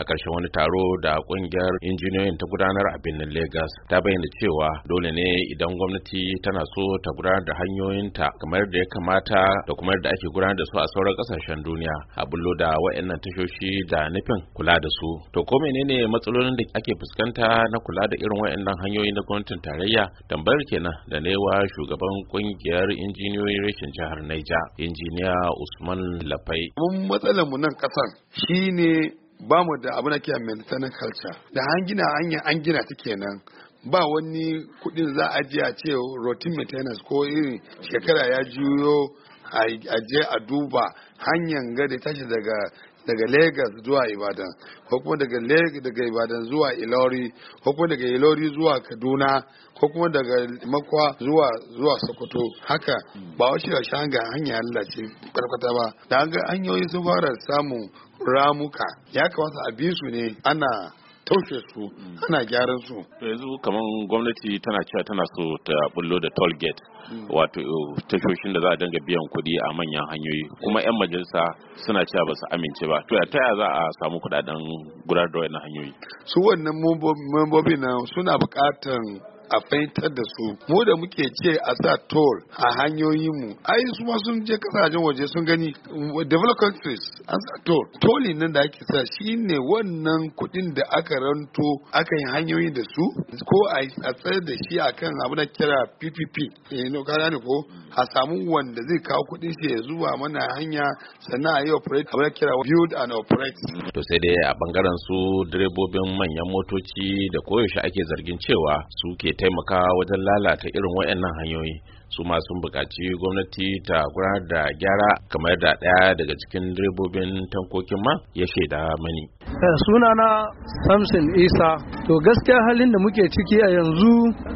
a ƙarshen wani taro da ƙungiyar injiniyoyin ta gudanar a birnin Legas ta bayyana cewa dole ne idan gwamnati tana so ta gudanar da hanyoyinta kamar da ya kamata da kuma da ake gudanar da su a sauran ƙasashen duniya a bullo da waɗannan tashoshi da nufin kula da su. To ko menene matsalolin da ake fuskanta na kula da irin waɗannan hanyoyi na gwamnatin tarayya tambayar kenan da newa shugaban ƙungiyar injiniyoyin rashin jihar Niger, injiniya Usman Lafai. Mun matsalar mu nan ƙasar shine ba mu da abin da ke maintenance culture da an gina hanya an gina ta kenan ba wani kudin za a a ce routine maintenance ko irin shekara ya juyo a je a duba hanyar gada tashi daga daga Legas zuwa Ibadan ko kuma daga daga Ibadan zuwa Ilori ko kuma daga Ilori zuwa Kaduna ko kuma daga Makwa zuwa zuwa Sokoto haka ba wace da shanga hanya Allah ce karkata ba da hanyoyi sun fara samun ramuka ya kamata a bi su ne ana taushe su ana mm. gyaran su yanzu kamar gwamnati tana cewa tana so ta bullo da toll gate mm. wato uh, tashoshin da za a dinga biyan kuɗi a manyan hanyoyi kuma yan majalisa suna cewa ba su amince ba to ta yaya za a samu kuɗaɗen gudanar da wannan hanyoyi su wannan membobi na suna buƙatan a fahimtar da su mu da muke ce a sa toll a hanyoyin mu ai su ma sun je kasashen waje sun gani developed countries an sa toll tolli nan da ake sa shine wannan kuɗin da aka ranto aka yi hanyoyi da su ko a tsayar da shi akan abu da kira PPP eh no ka gane ko a samu wanda zai kawo kuɗin shi ya zuwa mana hanya sannan a yi operate abu da kira build and operate to sai dai a bangaren su direbobin manyan motoci da koyaushe ake zargin cewa su ke Taimakawa wajen lalata irin waɗannan hanyoyi su ma sun buƙaci gwamnati ta gura da gyara kamar da ɗaya daga cikin direbobin tankokin ma ya shaida mani. Eh, sunana samson isa to gaskiya halin da muke ciki a yanzu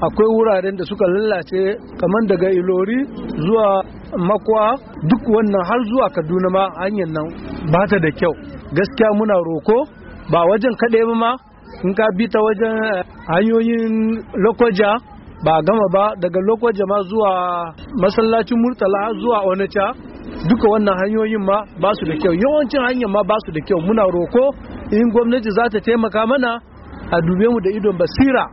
akwai wuraren da suka lalace kamar daga ilori zuwa makwa duk wannan har zuwa kaduna ma hanyar nan ba ta da kyau gaskiya muna roko ba wajen kaɗai ma in ka bi ta wajen eh, hanyoyin lokoja ba gama ba daga lokoja ma zuwa masallacin murtala zuwa onacha duka wannan hanyoyin ma ba su da kyau yawancin hanyar ma ba su da kyau muna roko in gwamnati za ta taimaka mana a dube mu da idon basira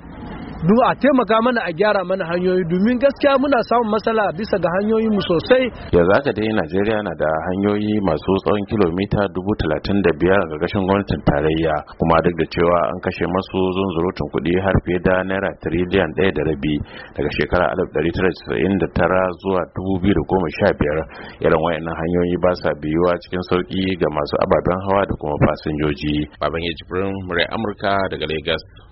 duk a taimaka mana a gyara mana hanyoyi domin gaskiya muna samun matsala bisa ga hanyoyin mu sosai ya za ka dai najeriya na da hanyoyi masu tsawon kilomita dubu talatin da biyar ga gashin gwamnatin tarayya kuma duk da cewa an kashe masu zunzurutun kuɗi har fiye da naira tiriliyan ɗaya da rabi daga shekara alif ɗari tara casa'in da tara zuwa dubu biyu da goma sha biyar irin wayannan hanyoyi ba sa biyuwa cikin sauki ga masu ababen hawa da kuma fasinjoji baban ya jibrin murai amurka daga lagos